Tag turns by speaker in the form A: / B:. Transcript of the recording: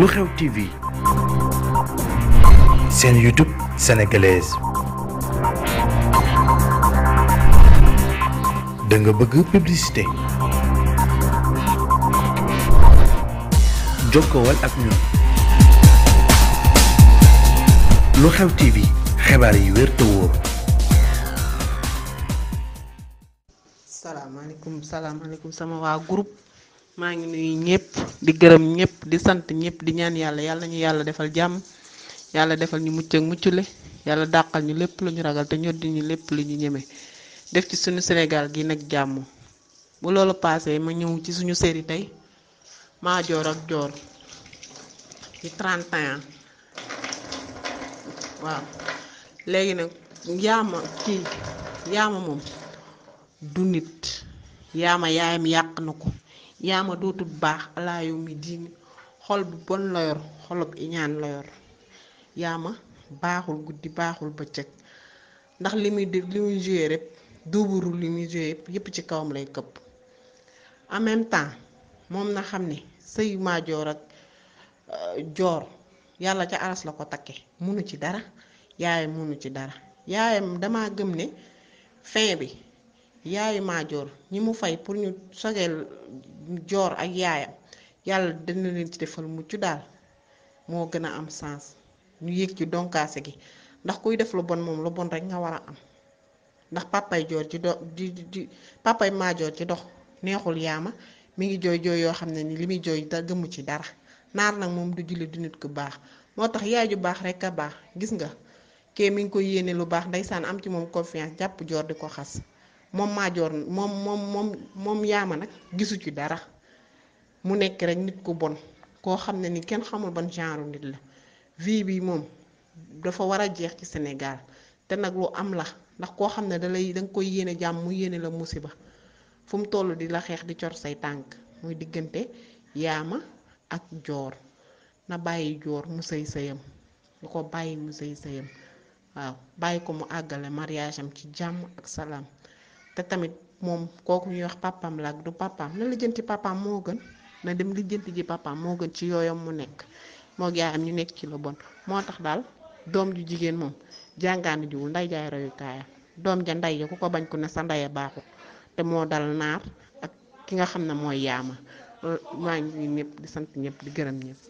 A: lu xew TV seen YouTube sénégalaise da bëgg publicité jokkowal ak ñun lu xew TV xibaar yi wér te wóor. salaamaaleykum salaamaaleykum sama waa groupe. maa ngi nuyu ñëpp di gërëm ñëpp di sant ñëpp di ñaan yàlla yàlla ñu yàlla defal jàmm yàlla defal ñu mucc ak muccule yàlla dàqal ñu lépp lu ñu ragal te ñoddi ñu lépp lu ñu ñeme def ci suñu senegal gi nag jàmm bu loolu paasee ma ñëw ci suñu série tey joor ak joor Dior ci 31 waaw léegi nag yaama kii yaama moom du nit yaama yaayam yàq na ko yaa ma dootul baax alaa yow mi diini xol bu bon la yor xolub iñaan la yor yaa ma baaxul guddi baaxul bëccëg ndax li muy li muy joué rek duuburu li muy joué yépp ci kawam lay këpp en même temps moom na xam ni sëyu maajoor ak euh, joor yàlla ca aras la ko takke munu ci dara yaayam munu ci dara yaayam dama gëm ne fin bi yaayu maajoor ñi mu fay pour ñu sogeel joor ak yaayam yàlla dina leen ci defal mucc daal moo gën a am sens ñu yéeg ci donkaase gi ndax kuy def lu bon moom lu bon rek nga war a am ndax papay joor ci do di di maajoor ci dox neexul yaama mu ngi jooy jooy yoo xam ne ni li muy jooy da gëmu ci dara naar nag moom du julli du nit ku baax moo tax yaay ju baax rek a baax gis nga kee mi ngi ko yéene lu baax ndeysaan am ci moom confiance jàpp joor di ko xas moom maajoor moom moom moom moom yaama nag gisu ci dara mu nekk rek nit ku bon koo xam ne ni kenn xamul ban genre nit la vie bi moom dafa war a jeex ci senegal te nag lu am la ndax koo xam ne da lay da koy yéene jàmm mu yéene la musiba fu mu toll di la xeex di cor say tànk muy diggante yaama ak joor na bàyyi joor mu sëy sëyam lu ko bàyyi mu sëy sëyam waaw bàyyi ko mu àggale mariage am ci jàmm ak salaam te tamit moom kooku ñuy wax papaam la ak du papaam na lijjanti papaam moo gën na dem lijjanti ji papaam moo gën ci yooyam mu nekk moo yaayam ñu nekk ci lu bon moo tax daal doom ju jigéen moom jàngaani jiwul nday jaay royukaayam doom ja ndey ja ku ko bañ ku ne sa ndaya baaxul te moo dal naar ak ki nga xam ne mooy yaama maa ngi ñëpp di sant ñëpp di gërëm ñëpp